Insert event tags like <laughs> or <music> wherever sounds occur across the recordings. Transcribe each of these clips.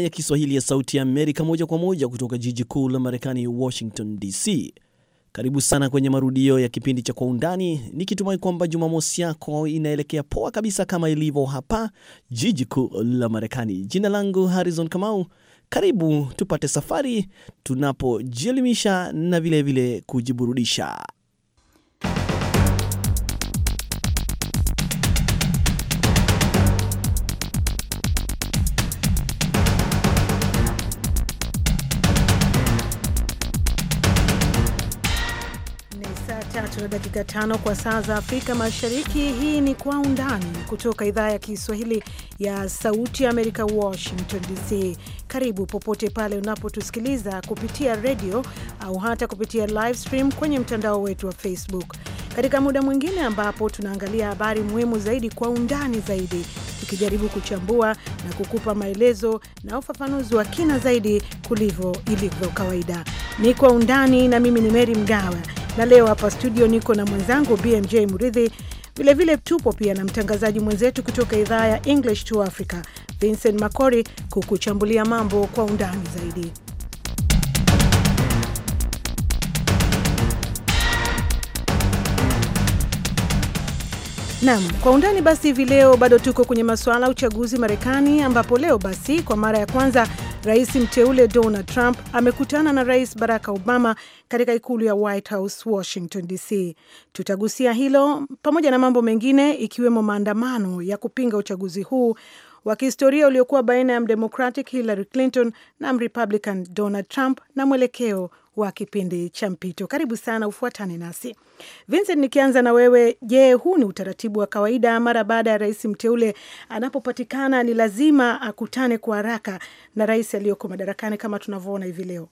ya Kiswahili ya Sauti ya Amerika moja kwa moja kutoka jiji kuu la Marekani, Washington DC. Karibu sana kwenye marudio ya kipindi cha Kwa Undani, nikitumai kwamba Jumamosi yako inaelekea poa kabisa kama ilivyo hapa jiji kuu la Marekani. Jina langu Harrison Kamau. Karibu tupate safari tunapojielimisha na vilevile kujiburudisha. na dakika tano kwa saa za Afrika Mashariki. Hii ni Kwa Undani kutoka idhaa ya Kiswahili ya Sauti ya Amerika, Washington DC. Karibu popote pale unapotusikiliza kupitia redio au hata kupitia live stream kwenye mtandao wetu wa Facebook, katika muda mwingine ambapo tunaangalia habari muhimu zaidi kwa undani zaidi, tukijaribu kuchambua na kukupa maelezo na ufafanuzi wa kina zaidi kulivyo ilivyo kawaida. Ni Kwa Undani na mimi ni Meri Mgawa na leo hapa studio niko na mwenzangu BMJ mridhi Vilevile tupo pia na mtangazaji mwenzetu kutoka idhaa ya English to Africa Vincent Makori kukuchambulia mambo kwa undani zaidi. nam kwa undani basi hivi leo bado tuko kwenye masuala ya uchaguzi Marekani, ambapo leo basi kwa mara ya kwanza Rais mteule Donald Trump amekutana na Rais Barack Obama katika ikulu ya White House, Washington DC. Tutagusia hilo pamoja na mambo mengine, ikiwemo maandamano ya kupinga uchaguzi huu wa kihistoria uliokuwa baina ya Mdemocratic Hillary Clinton na Mrepublican Donald Trump na mwelekeo wa kipindi cha mpito. Karibu sana, ufuatane nasi. Vincent, nikianza na wewe, je, huu ni utaratibu wa kawaida mara baada ya rais mteule anapopatikana ni lazima akutane kwa haraka na rais aliyoko madarakani kama tunavyoona hivi leo?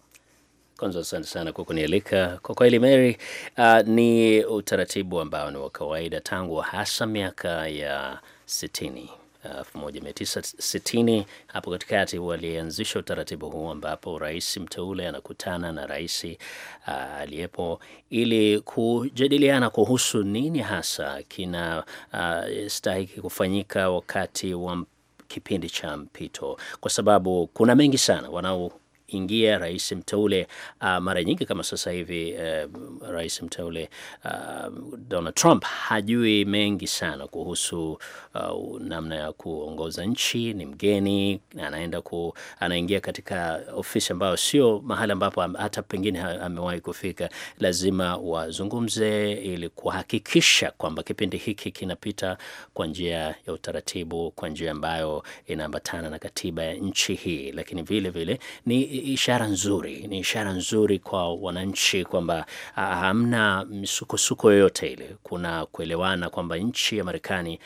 Kwanza asante sana kwa kunialika. Kwa kweli Mary, uh, ni utaratibu ambao ni wa kawaida tangu hasa miaka ya sitini 1960 hapo katikati walianzisha utaratibu huu ambapo rais mteule anakutana na rais uh, aliyepo ili kujadiliana kuhusu nini hasa kina uh, stahiki kufanyika wakati wa kipindi cha mpito, kwa sababu kuna mengi sana wanao ingia rais mteule uh, mara nyingi kama sasa hivi uh, rais mteule uh, Donald Trump hajui mengi sana kuhusu uh, namna ya kuongoza nchi. Ni mgeni, anaenda ku, anaingia katika ofisi ambayo sio mahali ambapo hata pengine amewahi kufika. Lazima wazungumze ili kuhakikisha kwamba kipindi hiki kinapita kwa njia ya utaratibu, kwa njia ambayo inaambatana na katiba ya nchi hii, lakini vile vile ni ishara nzuri, ni ishara nzuri kwa wananchi kwamba hamna misukosuko yoyote ile, kuna kuelewana kwamba nchi ya Marekani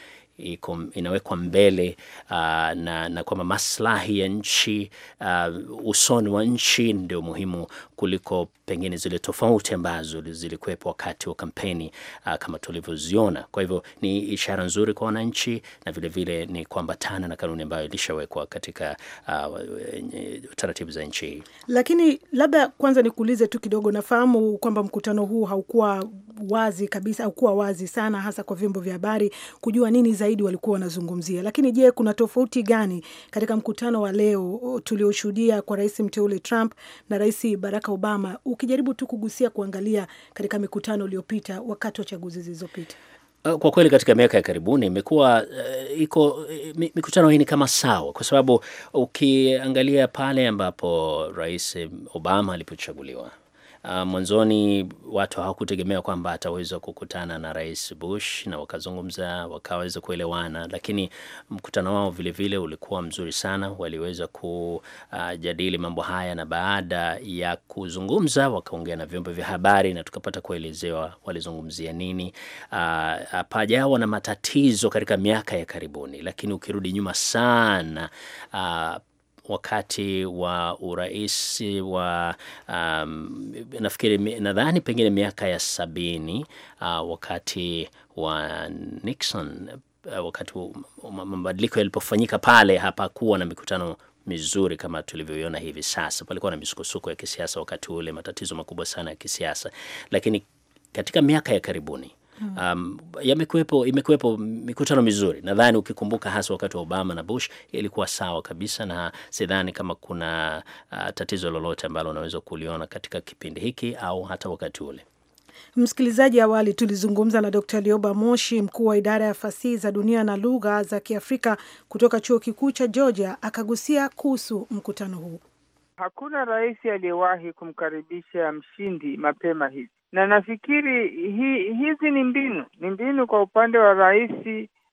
inawekwa mbele uh, na, na kwamba maslahi ya nchi uh, usoni wa nchi ndio muhimu kuliko pengine zile tofauti ambazo zilikuwepo wakati wa kampeni uh, kama tulivyoziona. Kwa hivyo ni ishara nzuri kwa wananchi na vilevile vile ni kuambatana na kanuni ambayo ilishawekwa katika uh, taratibu za nchi hii. Lakini labda kwanza nikuulize tu kidogo, nafahamu kwamba mkutano huu haukuwa wazi kabisa, haukuwa wazi sana hasa kwa vyombo vya habari kujua nini zaidi zaidi walikuwa wanazungumzia. Lakini je, kuna tofauti gani katika mkutano wa leo tulioshuhudia kwa rais mteule Trump na rais Barack Obama, ukijaribu tu kugusia kuangalia katika mikutano iliyopita wakati wa chaguzi zilizopita? Uh, kwa kweli katika miaka ya karibuni imekuwa uh, iko uh, mikutano hii ni kama sawa, kwa sababu ukiangalia pale ambapo rais Obama alipochaguliwa Uh, mwanzoni watu hawakutegemea kwamba ataweza kukutana na Rais Bush na wakazungumza, wakaweza kuelewana, lakini mkutano wao vile vile ulikuwa mzuri sana. Waliweza kujadili mambo haya na baada ya kuzungumza wakaongea na vyombo vya habari na tukapata kuelezewa walizungumzia nini. Uh, ah, pajawa na matatizo katika miaka ya karibuni, lakini ukirudi nyuma sana uh, wakati wa urais wa um, nafikiri nadhani pengine miaka ya sabini uh, wakati wa Nixon uh, wakati mabadiliko yalipofanyika pale, hapakuwa na mikutano mizuri kama tulivyoiona hivi sasa. Palikuwa na misukosuko ya kisiasa wakati ule, matatizo makubwa sana ya kisiasa, lakini katika miaka ya karibuni Ah. Um, yamekuepo imekuepo mikutano mizuri, nadhani ukikumbuka, hasa wakati wa Obama na Bush ilikuwa sawa kabisa, na sidhani kama kuna uh, tatizo lolote ambalo unaweza kuliona katika kipindi hiki au hata wakati ule. Msikilizaji, awali tulizungumza na Dr Lioba Moshi, mkuu wa idara ya fasihi za dunia na lugha za Kiafrika kutoka chuo kikuu cha Georgia, akagusia kuhusu mkutano huu. Hakuna rais aliyewahi kumkaribisha mshindi mapema hivi na nafikiri hi, hizi ni mbinu ni mbinu kwa upande wa Rais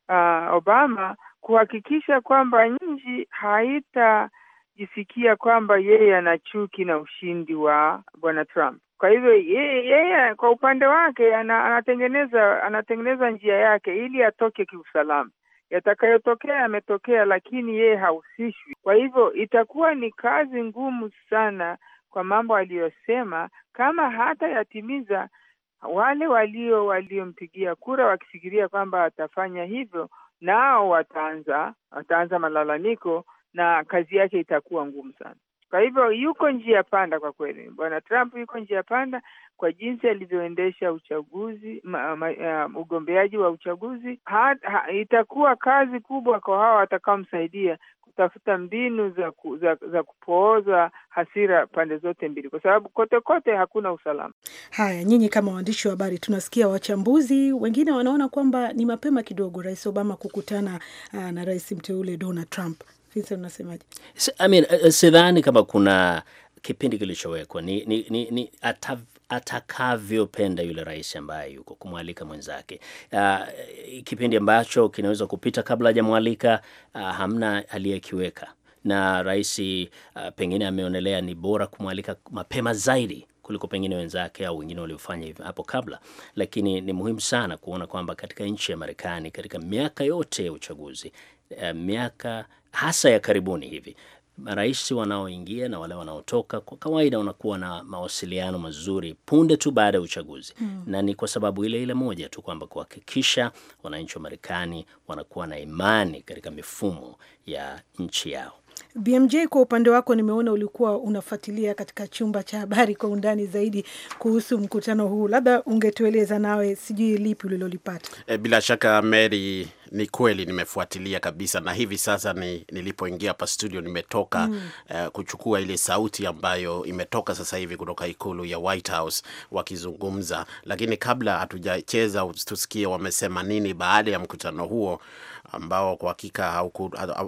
uh, Obama kuhakikisha kwamba nchi haitajisikia kwamba yeye ana chuki na ushindi wa bwana Trump. Kwa hivyo yeye, yeye kwa upande wake ana, anatengeneza anatengeneza njia yake ili atoke kiusalama. Yatakayotokea yametokea, lakini yeye hahusishwi. Kwa hivyo itakuwa ni kazi ngumu sana kwa mambo aliyosema, kama hata yatimiza wale walio waliompigia kura wakifikiria kwamba watafanya hivyo, nao wataanza wataanza malalamiko na kazi yake itakuwa ngumu sana. Kwa hivyo yuko njia ya panda kwa kweli, bwana Trump yuko njia ya panda kwa jinsi alivyoendesha uchaguzi um, ugombeaji wa uchaguzi ha, ha, itakuwa kazi kubwa kwa hawa watakaomsaidia kutafuta mbinu za, ku, za, za kupooza hasira pande zote mbili, kwa sababu kote kote hakuna usalama. Haya, nyinyi kama waandishi wa habari, tunasikia wachambuzi wengine wanaona kwamba ni mapema kidogo Rais Obama kukutana uh, na rais mteule Donald Trump. Vincent, unasemaje? I mean, eh, eh, sidhani kama kuna kipindi kilichowekwa ni, ni, ni, ni atav atakavyopenda yule rais ambaye yuko kumwalika mwenzake. Uh, kipindi ambacho kinaweza kupita kabla hajamwalika uh, hamna aliyekiweka na rais uh, pengine ameonelea ni bora kumwalika mapema zaidi kuliko pengine wenzake au wengine waliofanya hivyo hapo kabla. Lakini ni muhimu sana kuona kwamba katika nchi ya Marekani katika miaka yote ya uchaguzi uh, miaka hasa ya karibuni hivi, marais wanaoingia na wale wanaotoka kwa kawaida wanakuwa na mawasiliano mazuri punde tu baada ya uchaguzi mm. Na ni kwa sababu ile ile moja tu kwamba kuhakikisha wananchi wa Marekani wanakuwa na imani katika mifumo ya nchi yao. BMJ, kwa upande wako nimeona ulikuwa unafuatilia katika chumba cha habari kwa undani zaidi kuhusu mkutano huu, labda ungetueleza nawe, sijui lipi ulilolipata? E, bila shaka Mary, ni kweli nimefuatilia kabisa, na hivi sasa ni, nilipoingia hapa studio nimetoka mm. uh, kuchukua ile sauti ambayo imetoka sasa hivi kutoka ikulu ya White House wakizungumza, lakini kabla hatujacheza tusikie wamesema nini baada ya mkutano huo ambao kwa hakika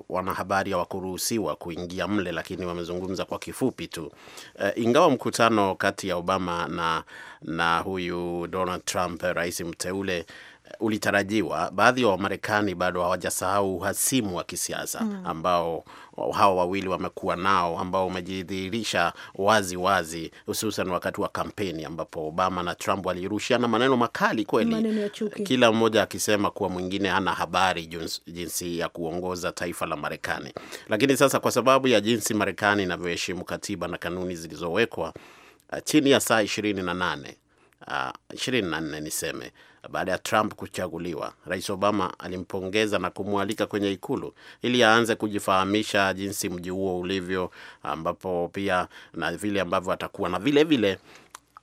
wanahabari hawakuruhusiwa kuingia mle, lakini wamezungumza kwa kifupi tu e, ingawa mkutano kati ya Obama na, na huyu Donald Trump eh, rais mteule ulitarajiwa, baadhi ya wa Wamarekani bado hawajasahau uhasimu wa kisiasa mm, ambao hawa wawili wamekuwa nao, ambao umejidhihirisha wazi wazi, hususan wakati wa kampeni ambapo Obama na Trump walirushiana maneno makali kweli, maneno ya chuki, kila mmoja akisema kuwa mwingine hana habari jinsi ya kuongoza taifa la Marekani. Lakini sasa kwa sababu ya jinsi Marekani inavyoheshimu katiba na kanuni zilizowekwa, ah, chini ya saa ishirini na nane ah, ishirini na nne niseme baada ya Trump kuchaguliwa, Rais Obama alimpongeza na kumwalika kwenye ikulu ili aanze kujifahamisha jinsi mji huo ulivyo, ambapo pia na vile ambavyo atakuwa na vile vile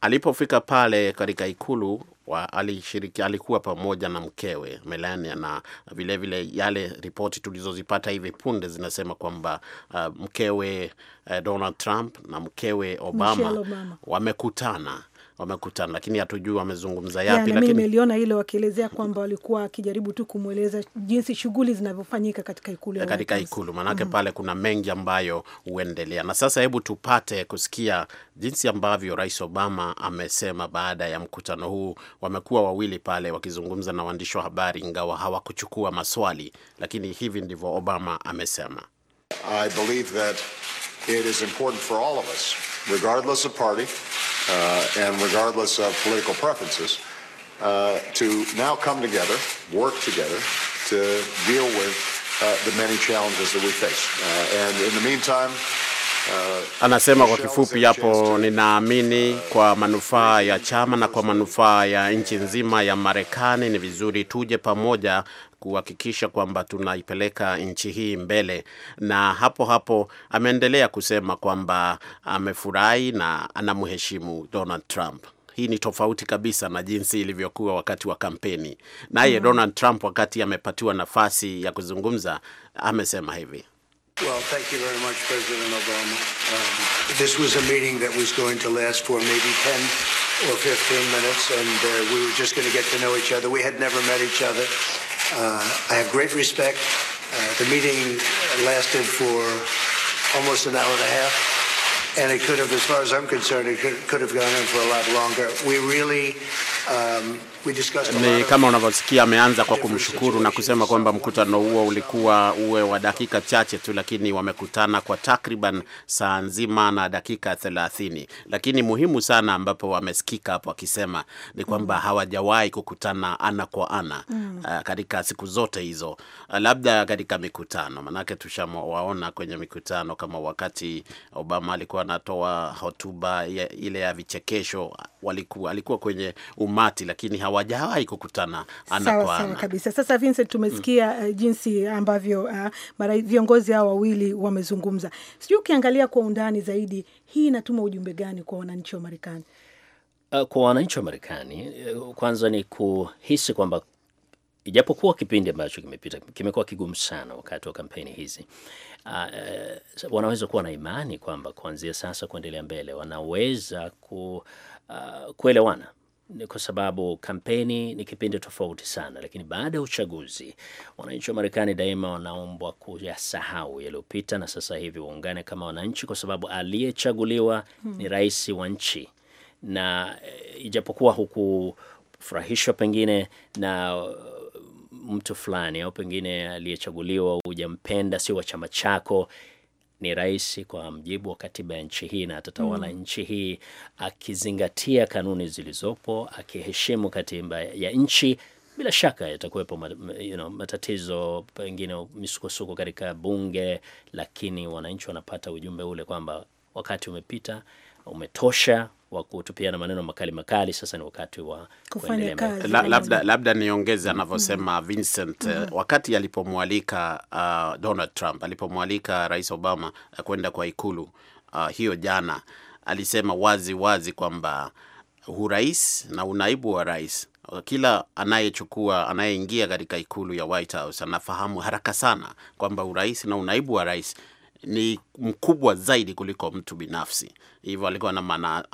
alipofika pale katika ikulu wa alishiriki, alikuwa pamoja na mkewe Melania na vilevile vile yale ripoti tulizozipata hivi punde zinasema kwamba uh, mkewe uh, Donald Trump na mkewe Obama, Obama wamekutana wamekutana, lakini hatujui wamezungumza yapi. Lakini niliona hilo wakielezea kwamba walikuwa akijaribu tu kumweleza jinsi shughuli zinavyofanyika katika ikulu, katika ikulu maanake mm -hmm. pale kuna mengi ambayo huendelea. Na sasa hebu tupate kusikia jinsi ambavyo Rais Obama amesema baada ya mkutano huu. Wamekuwa wawili pale wakizungumza na waandishi wa habari, ingawa hawakuchukua maswali, lakini hivi ndivyo Obama amesema. I believe that it is important for all of us regardless of party uh, and regardless of political preferences, uh, to now come together, work together to deal with uh, the many challenges that we face. Uh, and in the meantime, uh, Anasema kwa kifupi hapo, ninaamini uh, kwa manufaa ya chama na kwa manufaa ya nchi nzima ya Marekani ni vizuri tuje pamoja kuhakikisha kwamba tunaipeleka nchi hii mbele. Na hapo hapo ameendelea kusema kwamba amefurahi na anamheshimu Donald Trump. Hii ni tofauti kabisa na jinsi ilivyokuwa wakati wa kampeni naye. mm -hmm. Donald Trump wakati amepatiwa nafasi ya kuzungumza amesema hivi Well, Uh, I have great respect. Uh, the meeting lasted for almost an hour and a half and it could have, as far as I'm concerned, it could, could, have gone on for a lot longer. We really um, Ni kama unavyosikia ameanza kwa kumshukuru na kusema kwamba mkutano huo ulikuwa uwe wa dakika chache tu, lakini wamekutana kwa takriban saa nzima na dakika 30. Lakini muhimu sana ambapo wamesikika hapo akisema ni kwamba mm. hawajawahi kukutana ana kwa ana mm. uh, katika siku zote hizo uh, labda katika mikutano, manake tushawaona kwenye mikutano kama wakati Obama alikuwa anatoa hotuba ile ya vichekesho walikuwa alikuwa kwenye umati, lakini hawajawahi kukutana ana kwa ana. kabisa. Sasa Vincent, tumesikia mm. Eh, jinsi ambavyo uh, viongozi hao wawili wamezungumza. Sijui ukiangalia kwa undani zaidi, hii inatuma ujumbe gani kwa wananchi wa Marekani? Uh, kwa wananchi wa Marekani kwanza ni kuhisi kwamba ijapokuwa kipindi ambacho kimepita kimekuwa kigumu sana wakati wa kampeni hizi, uh, wanaweza kuwa na imani kwamba kuanzia sasa kuendelea mbele wanaweza ku uh, kuelewana kwa sababu kampeni ni kipindi tofauti sana, lakini baada ya uchaguzi wananchi wa Marekani daima wanaombwa kuyasahau yaliyopita, na sasa hivi waungane kama wananchi, kwa sababu aliyechaguliwa ni hmm. rais wa nchi, na eh, ijapokuwa hukufurahishwa pengine na uh, mtu fulani au pengine aliyechaguliwa hujampenda, si wa chama chako ni rais kwa mjibu wa katiba ya nchi hii na atatawala mm. nchi hii akizingatia kanuni zilizopo, akiheshimu katiba ya nchi. Bila shaka yatakuwepo you know, matatizo pengine misukosuko katika bunge, lakini wananchi wanapata ujumbe ule kwamba wakati umepita, umetosha wa kutupiana maneno makali makali. Sasa ni wakati wa kuendelea La, labda, labda niongeze mm-hmm. anavyosema mm -hmm. Vincent mm -hmm. wakati alipomwalika uh, Donald Trump alipomwalika Rais Obama uh, kwenda kwa ikulu uh, hiyo jana alisema wazi wazi kwamba urais na unaibu wa rais kila anayechukua anayeingia katika ikulu ya White House anafahamu haraka sana kwamba urais na unaibu wa rais ni mkubwa zaidi kuliko mtu binafsi. Hivyo alikuwa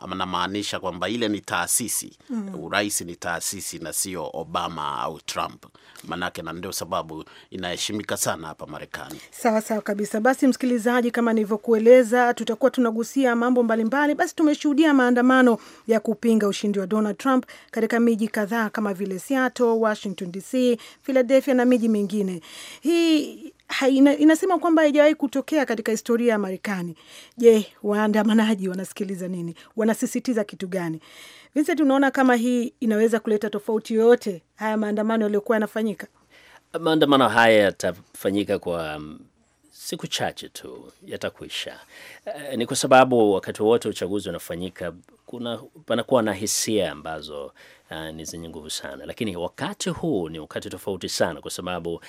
anamaanisha kwamba ile ni taasisi mm. Urais ni taasisi na sio Obama au Trump, manake, na ndio sababu inaheshimika sana hapa Marekani. Sawa sawa kabisa. Basi msikilizaji, kama nilivyokueleza, tutakuwa tunagusia mambo mbalimbali. Basi tumeshuhudia maandamano ya kupinga ushindi wa Donald Trump katika miji kadhaa kama vile Seattle, Washington DC, Philadelphia na miji mingine. Hii haina, inasema kwamba haijawahi kutokea katika historia ya Marekani. Je, waandamanaji wanasikiliza nini? Wanasisitiza kitu gani? Vincent, unaona kama hii inaweza kuleta tofauti yoyote, haya maandamano yaliyokuwa yanafanyika? Maandamano haya yatafanyika kwa mm, siku chache tu yatakwisha E, ni kwa sababu wakati wote uchaguzi unafanyika kuna panakuwa na hisia ambazo uh, ni zenye nguvu sana, lakini wakati huu ni wakati tofauti sana, kwa sababu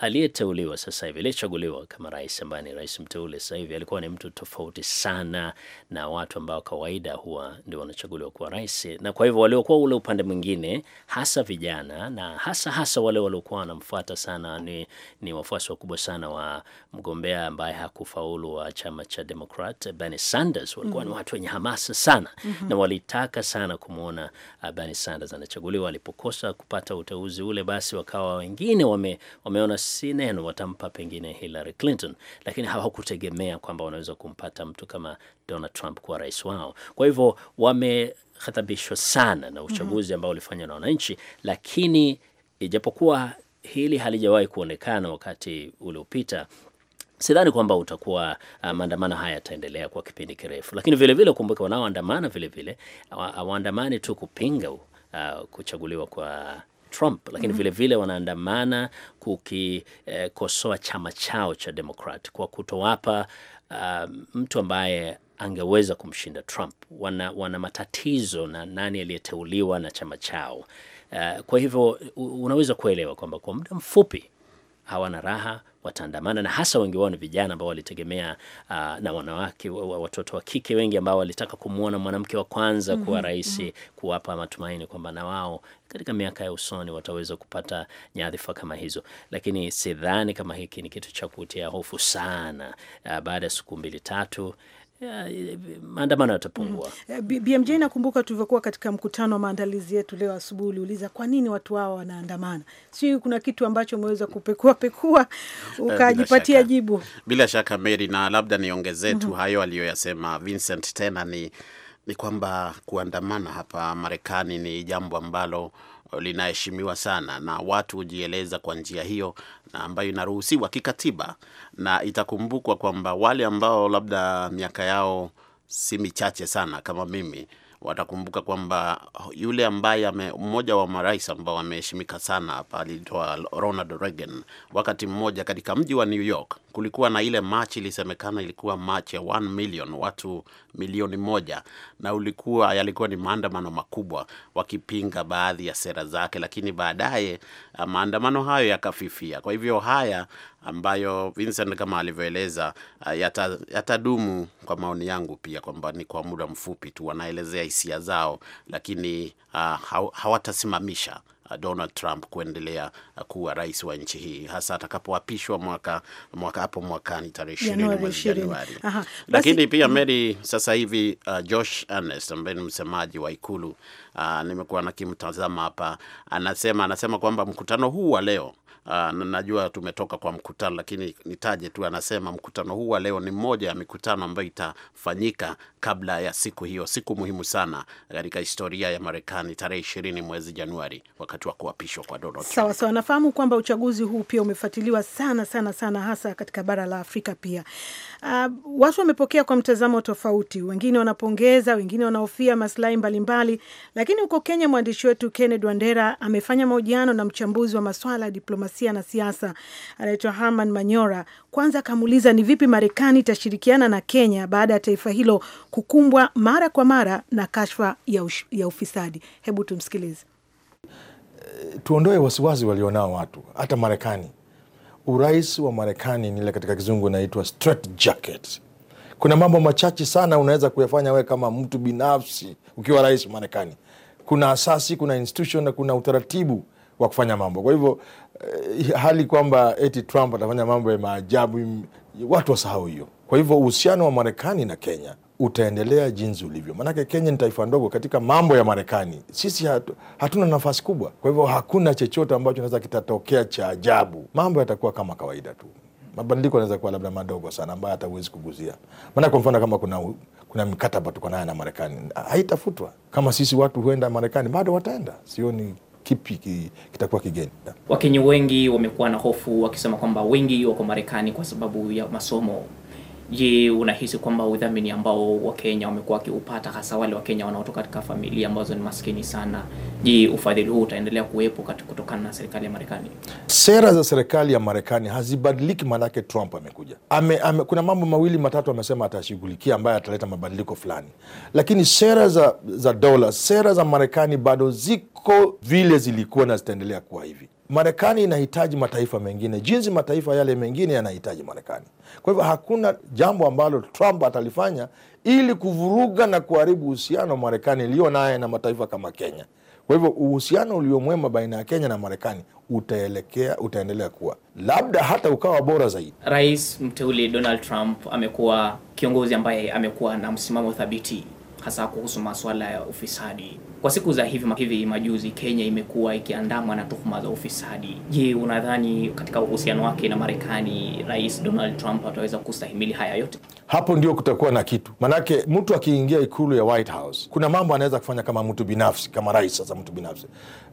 aliyeteuliwa sasa hivi aliyechaguliwa kama rais ambaye ni rais mteule sasa hivi alikuwa ni mtu tofauti sana na watu ambao kawaida huwa ndio wanachaguliwa kuwa rais, na kwa hivyo waliokuwa ule upande mwingine, hasa vijana na hasa hasa wale waliokuwa wanamfuata sana, ni, ni wafuasi wakubwa sana wa mgombea ambaye hakufaulu wa chama cha Democrat Bernie Sanders, walikuwa mm -hmm. ni mm-hmm. watu wenye hamasa sana mm -hmm. na walitaka sana kumwona uh, Bernie Sanders anachaguliwa. Alipokosa kupata uteuzi ule, basi wakawa wengine wame, wameona si neno watampa pengine Hillary Clinton, lakini hawakutegemea kwamba wanaweza kumpata mtu kama Donald Trump kuwa rais wao. Kwa hivyo wamehadhabishwa sana na uchaguzi ambao ulifanywa na wananchi, lakini ijapokuwa hili halijawahi kuonekana wakati uliopita sidhani kwamba utakuwa uh, maandamano haya yataendelea kwa kipindi kirefu, lakini vilevile ukumbuke, wanaoandamana vilevile hawaandamani tu kupinga uh, kuchaguliwa kwa Trump, lakini vilevile mm -hmm. wanaandamana kukikosoa eh, chama chao cha Demokrat kwa kutowapa uh, mtu ambaye angeweza kumshinda Trump. Wana, wana matatizo na nani aliyeteuliwa na chama chao. Uh, kwa hivyo unaweza kuelewa kwamba kwa muda mfupi hawana raha, wataandamana, na hasa wengi wao ni vijana ambao walitegemea uh, na wanawake, watoto wa kike wengi ambao walitaka kumwona mwanamke wa kwanza kuwa mhm, rais mm -hmm, kuwapa matumaini kwamba na wao katika miaka ya usoni wataweza kupata nyadhifa kama hizo, lakini sidhani kama hiki ni kitu cha kutia hofu sana. Uh, baada ya siku mbili tatu maandamano yatapungua. mm. Mm-hmm. Eh, BMJ, nakumbuka tulivyokuwa katika mkutano wa maandalizi yetu leo asubuhi, uliuliza kwa nini watu hao wanaandamana. sijui kuna kitu ambacho umeweza kupekua pekua eh, ukajipatia jibu? Bila shaka Mary, na labda niongezee tu mm -hmm. hayo aliyoyasema Vincent, tena ni ni kwamba kuandamana hapa Marekani ni jambo ambalo linaheshimiwa sana na watu hujieleza kwa njia hiyo na ambayo inaruhusiwa kikatiba, na itakumbukwa kwamba wale ambao labda miaka yao si michache sana kama mimi watakumbuka kwamba yule ambaye mmoja wa marais ambao ameheshimika sana hapa aliitwa Ronald Reagan. Wakati mmoja katika mji wa New York kulikuwa na ile march, ilisemekana ilikuwa march ya 1 million, watu milioni moja, na ulikuwa yalikuwa ni maandamano makubwa wakipinga baadhi ya sera zake, lakini baadaye maandamano hayo yakafifia. Kwa hivyo haya ambayo Vincent kama alivyoeleza uh, yatadumu yata kwa maoni yangu pia kwamba ni kwa muda mfupi tu, wanaelezea hisia zao, lakini uh, hawatasimamisha uh, Donald Trump kuendelea uh, kuwa rais wa nchi hii hasa atakapoapishwa mwaka mwaka hapo mwakani tarehe ishirini mwezi Januari. Lakini pia mm. Mary, sasa hivi uh, Josh Ernest ambaye ni msemaji wa Ikulu uh, nimekuwa nakimtazama hapa, anasema anasema kwamba mkutano huu wa leo Ah, na najua tumetoka kwa mkutano, lakini nitaje tu, anasema mkutano huu wa leo ni mmoja ya mikutano ambayo itafanyika kabla ya siku hiyo, siku muhimu sana katika historia ya Marekani, tarehe ishirini mwezi Januari, wakati wa kuapishwa kwa Donald Trump. Sawa sawa, nafahamu kwamba uchaguzi huu pia umefuatiliwa sana sana sana, hasa katika bara la Afrika pia. Uh, watu wamepokea kwa mtazamo tofauti, wengine wanapongeza, wengine wanahofia maslahi mbalimbali, lakini huko Kenya mwandishi wetu Kenneth Wandera amefanya mahojiano na mchambuzi wa maswala ya diplomasia demokrasia na siasa, anaitwa Herman Manyora, kwanza akamuuliza ni vipi Marekani itashirikiana na Kenya baada ya taifa hilo kukumbwa mara kwa mara na kashfa ya, ya ufisadi. Hebu tumsikilize. Eh, tuondoe wasiwasi walionao watu, hata Marekani. Urais wa Marekani nile katika kizungu inaitwa Kuna mambo machache sana unaweza kuyafanya wewe kama mtu binafsi ukiwa rais wa Marekani. Kuna asasi, kuna institution na kuna utaratibu wa kufanya mambo. Kwa hivyo Eh, hali kwamba eti Trump atafanya mambo ya maajabu, watu wasahau hiyo. Kwa hivyo uhusiano wa Marekani na Kenya utaendelea jinsi ulivyo, maanake Kenya ni taifa ndogo katika mambo ya Marekani. Sisi hatu, hatuna nafasi kubwa. Kwa hivyo hakuna chochote ambacho naweza kitatokea cha ajabu, mambo yatakuwa kama kawaida tu. Mabadiliko anaweza kuwa labda madogo sana, ambayo hata huwezi kuguzia. Maana kwa mfano kama kuna, kuna mikataba tuko nayo na Marekani haitafutwa. Kama sisi watu huenda Marekani, bado wataenda, sioni kipi kitakuwa kigeni. Wakenya wengi wamekuwa na hofu wakisema kwamba wengi wako Marekani kwa sababu ya masomo. Je, unahisi kwamba udhamini ambao Wakenya wamekuwa wakiupata hasa wale Wakenya wanaotoka katika familia ambazo ni maskini sana, je, ufadhili huu utaendelea kuwepo kutokana na serikali ya Marekani? Sera za serikali ya Marekani hazibadiliki, maanake Trump amekuja ame, ame, kuna mambo mawili matatu amesema atashughulikia ambayo ataleta mabadiliko fulani, lakini sera za, za dola, sera za Marekani bado ziko vile zilikuwa na zitaendelea kuwa hivi. Marekani inahitaji mataifa mengine jinsi mataifa yale mengine yanahitaji Marekani. Kwa hivyo hakuna jambo ambalo Trump atalifanya ili kuvuruga na kuharibu uhusiano wa Marekani iliyo naye na mataifa kama Kenya. Kwa hivyo uhusiano uliomwema baina ya Kenya na Marekani utaelekea utaendelea kuwa labda hata ukawa bora zaidi. Rais mteule Donald Trump amekuwa kiongozi ambaye amekuwa na msimamo thabiti hasa kuhusu masuala ya ufisadi. Kwa siku za hivi hivi majuzi, Kenya imekuwa ikiandamwa na tuhuma za ufisadi. Je, unadhani katika uhusiano wake na Marekani, Rais Donald Trump ataweza kustahimili haya yote? Hapo ndio kutakuwa na kitu, manake mtu akiingia ikulu ya White House kuna mambo anaweza kufanya kama mtu binafsi, kama rais. Sasa mtu binafsi,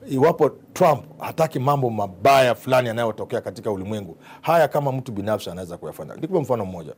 iwapo Trump hataki mambo mabaya fulani yanayotokea katika ulimwengu, haya kama mtu binafsi anaweza kuyafanya. Nikupe mfano mmoja.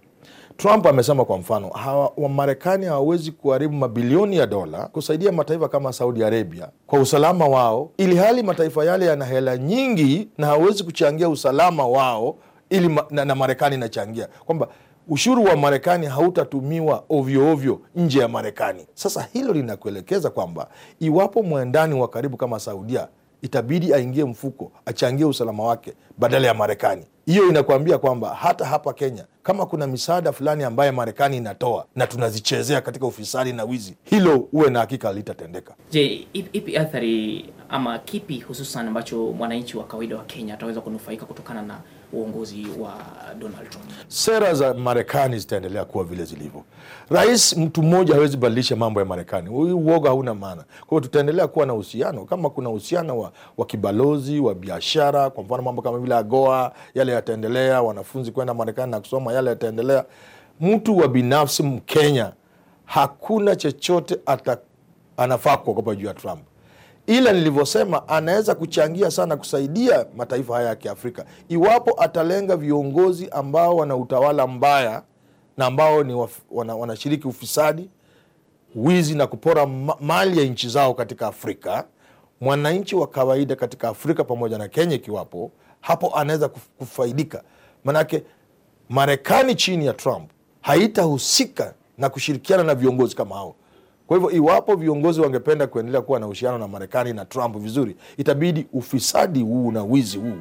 Trump amesema kwa mfano hawa Wamarekani hawawezi kuharibu mabilioni ya dola kusaidia mataifa kama Saudi Arabia kwa usalama wao, ili hali mataifa yale yana hela nyingi na hawezi kuchangia usalama wao ili ma, na, na Marekani inachangia kwamba ushuru wa Marekani hautatumiwa ovyo ovyo nje ya Marekani. Sasa hilo linakuelekeza kwamba iwapo mwendani wa karibu kama Saudia itabidi aingie mfuko achangie usalama wake badala ya Marekani. Hiyo inakuambia kwamba hata hapa Kenya kama kuna misaada fulani ambayo Marekani inatoa na tunazichezea katika ufisadi na wizi, hilo uwe na hakika litatendeka. Je, ipi athari ama kipi hususan ambacho mwananchi wa kawaida wa Kenya ataweza kunufaika kutokana na uongozi wa Donald Trump. Sera za Marekani zitaendelea kuwa vile zilivyo. Rais mtu mmoja hawezi badilisha mambo ya Marekani, huyu uoga hauna maana. Kwa hiyo tutaendelea kuwa na uhusiano kama kuna uhusiano wa, wa kibalozi wa biashara, kwa mfano mambo kama vile AGOA yale yataendelea, wanafunzi kwenda Marekani na kusoma yale yataendelea. Mtu wa binafsi Mkenya hakuna chochote ata anafaa kuogopa juu ya Trump ila nilivyosema, anaweza kuchangia sana kusaidia mataifa haya ya Kiafrika iwapo atalenga viongozi ambao wana utawala mbaya na ambao ni waf, wana, wanashiriki ufisadi, wizi na kupora mali ya nchi zao katika Afrika. Mwananchi wa kawaida katika Afrika pamoja na Kenya, ikiwapo hapo, anaweza kufaidika, manake Marekani chini ya Trump haitahusika na kushirikiana na viongozi kama hao. Kwa hivyo iwapo viongozi wangependa kuendelea kuwa na uhusiano na Marekani na Trump vizuri, itabidi ufisadi huu na wizi huu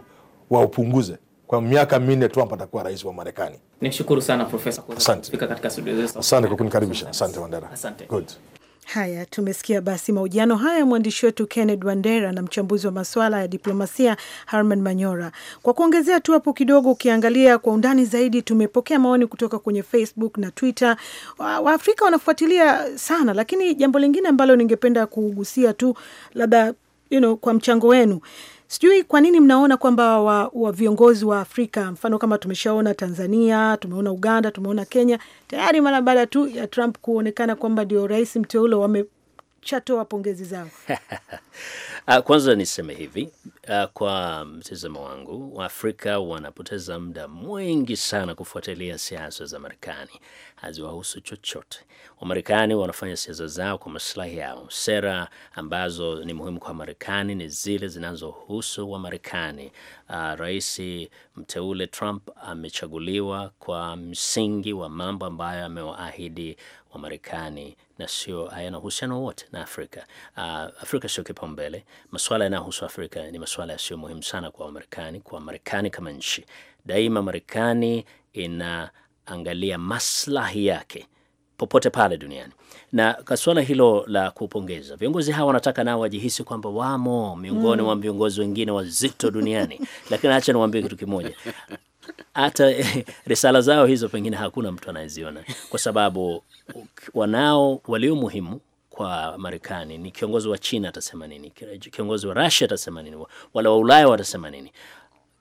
waupunguze. Kwa miaka minne Trump atakuwa rais wa Marekani. nishukuru sana Profesa, asante kwa kunikaribisha. Asante Wandera, asante. Good. Haya, tumesikia basi mahojiano haya mwandishi wetu Kenneth Wandera na mchambuzi wa masuala ya diplomasia Harman Manyora. Kwa kuongezea tu hapo kidogo, ukiangalia kwa undani zaidi, tumepokea maoni kutoka kwenye Facebook na Twitter. Waafrika wanafuatilia sana, lakini jambo lingine ambalo ningependa kugusia tu labda you know, kwa mchango wenu Sijui kwa nini mnaona kwamba wa, wa viongozi wa Afrika mfano kama tumeshaona Tanzania, tumeona Uganda, tumeona Kenya tayari mara baada tu ya Trump kuonekana kwamba ndio rais mteule wameshatoa pongezi zao <laughs> Ah, kwanza niseme hivi ah, kwa mtazamo wangu, Waafrika wanapoteza muda mwingi sana kufuatilia siasa za Marekani, haziwahusu chochote. Wamarekani wanafanya siasa zao kwa maslahi yao. Sera ambazo ni muhimu kwa Marekani ni zile zinazohusu Wamarekani. Ah, rais mteule Trump amechaguliwa kwa msingi wa mambo ambayo amewaahidi wa Marekani na sio hayana uhusiano wote na Afrika. Uh, Afrika sio kipaumbele. Masuala yanayohusu Afrika ni masuala yasiyo muhimu sana kwa Wamarekani, kwa Marekani kama nchi. Daima Marekani inaangalia maslahi yake popote pale duniani. Na kwa suala hilo la kupongeza, viongozi hawa wanataka nao wajihisi kwamba wamo miongoni mwa mm, viongozi wengine wazito duniani. <laughs> Lakini acha niwaambie kitu kimoja, hata <laughs> risala zao hizo pengine hakuna mtu anayeziona kwa sababu wanao walio muhimu kwa Marekani ni kiongozi wa China atasema nini, kiongozi wa Russia atasema nini, wala wa Ulaya watasema nini,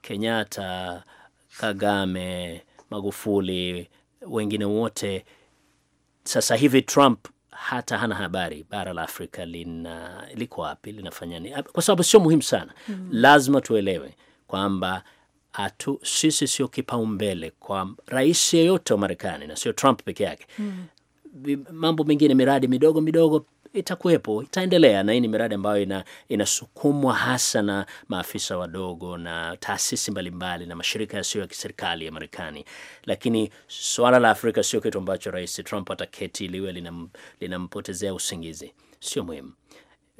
Kenyatta, Kagame, Magufuli, wengine wote. Sasa hivi Trump hata hana habari bara la Afrika lina liko wapi, linafanya nini, kwa sababu sio muhimu sana. mm -hmm. Lazima tuelewe kwamba atu, sisi sio kipaumbele kwa rais yeyote wa Marekani na sio Trump peke yake mm. Mambo mengine miradi midogo midogo itakuwepo itaendelea, na hii ni miradi ambayo ina, inasukumwa hasa na maafisa wadogo na taasisi mbalimbali na mashirika yasiyo ya kiserikali ya Marekani. Lakini swala la Afrika sio kitu ambacho rais Trump ataketi liwe linampotezea lina usingizi, sio muhimu.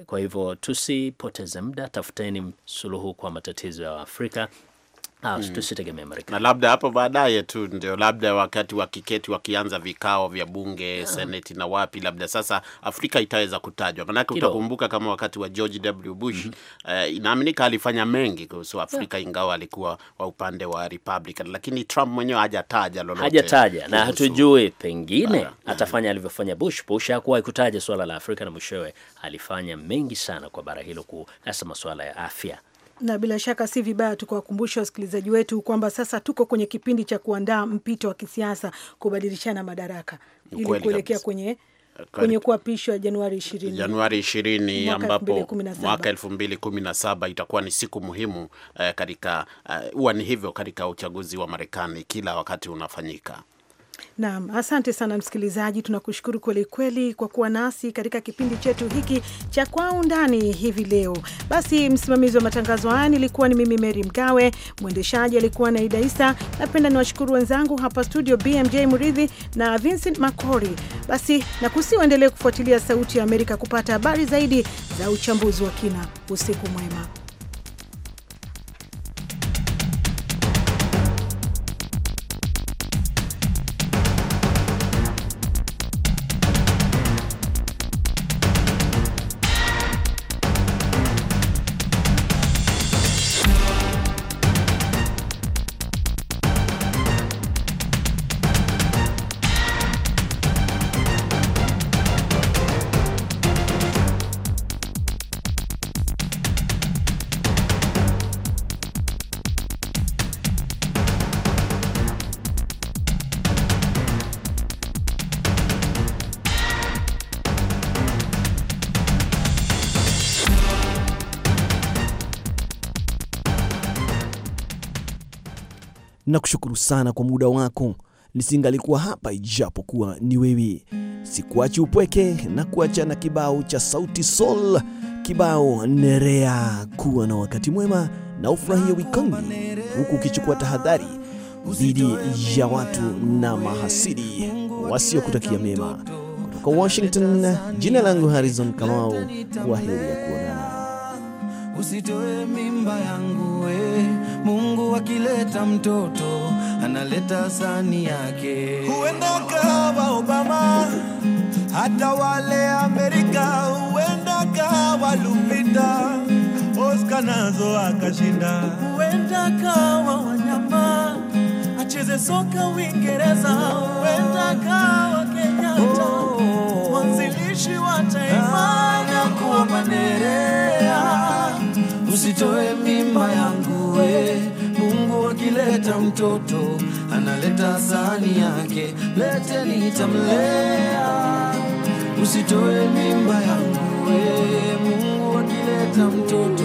Kwa hivyo tusipoteze muda, tafuteni suluhu kwa matatizo ya Afrika. Ah, mm. Marekani. Na labda hapo baadaye tu ndio, labda wakati wa kiketi wakianza vikao vya bunge yeah, seneti na wapi, labda sasa Afrika itaweza kutajwa, maanake utakumbuka kama wakati wa George W. Bush mm -hmm. uh, inaaminika alifanya mengi kuhusu Afrika yeah, ingawa alikuwa wa upande wa Republican, lakini Trump mwenyewe hajataja lolote, hajataja na hatujui pengine Bara. Mm. atafanya alivyofanya Bush. Bush hakuwahi kutaja swala la Afrika na mwishowe alifanya mengi sana kwa bara hilo, hasa masuala ya afya na bila shaka si vibaya tukawakumbusha wasikilizaji wetu kwamba sasa tuko kwenye kipindi cha kuandaa mpito wa kisiasa, kubadilishana madaraka ili kuelekea kwenye kwenye kuapishwa Januari ishirini Januari ishirini ambapo kumi na saba itakuwa ni siku muhimu eh, katika eh, huwa eh, ni hivyo katika uchaguzi wa Marekani kila wakati unafanyika. Naam, asante sana msikilizaji, tunakushukuru kweli kweli kwa kuwa nasi katika kipindi chetu hiki cha Kwa Undani hivi leo. Basi, msimamizi wa matangazo haya nilikuwa ni mimi Meri Mgawe, mwendeshaji alikuwa na Ida Isa. Napenda niwashukuru wenzangu hapa studio, BMJ Muridhi na Vincent Macori. Basi nakusi uendelee kufuatilia Sauti ya Amerika kupata habari zaidi za uchambuzi wa kina. Usiku mwema. sana kwa muda wako, nisingalikuwa hapa ijapokuwa ni wewe. Sikuachi upweke na kuacha na kibao cha Sauti Sol, kibao Nerea. Kuwa na wakati mwema na ufurahia wikendi, huku ukichukua tahadhari dhidi ya watu na mahasidi wasiokutakia mema. Kutoka Washington, jina langu Harrison Kamau, kwa heri ya kuonana. Usitoe mimba yangu we Mungu, akileta mtoto analeta sani yake. Huenda kawa Obama, hata wale Amerika, huenda kawa Lupita, Oscar nazo akashinda. Huenda kawa wanyama acheze soka Uingereza, huenda kawa Kenyatta oh. mwanzilishi wa taifa na kuwa manerea, Usitoe mimba yangu wewe leta mtoto analeta sani yake, leteni tamlea, usitoe mimba yangu. Mungu akileta mtoto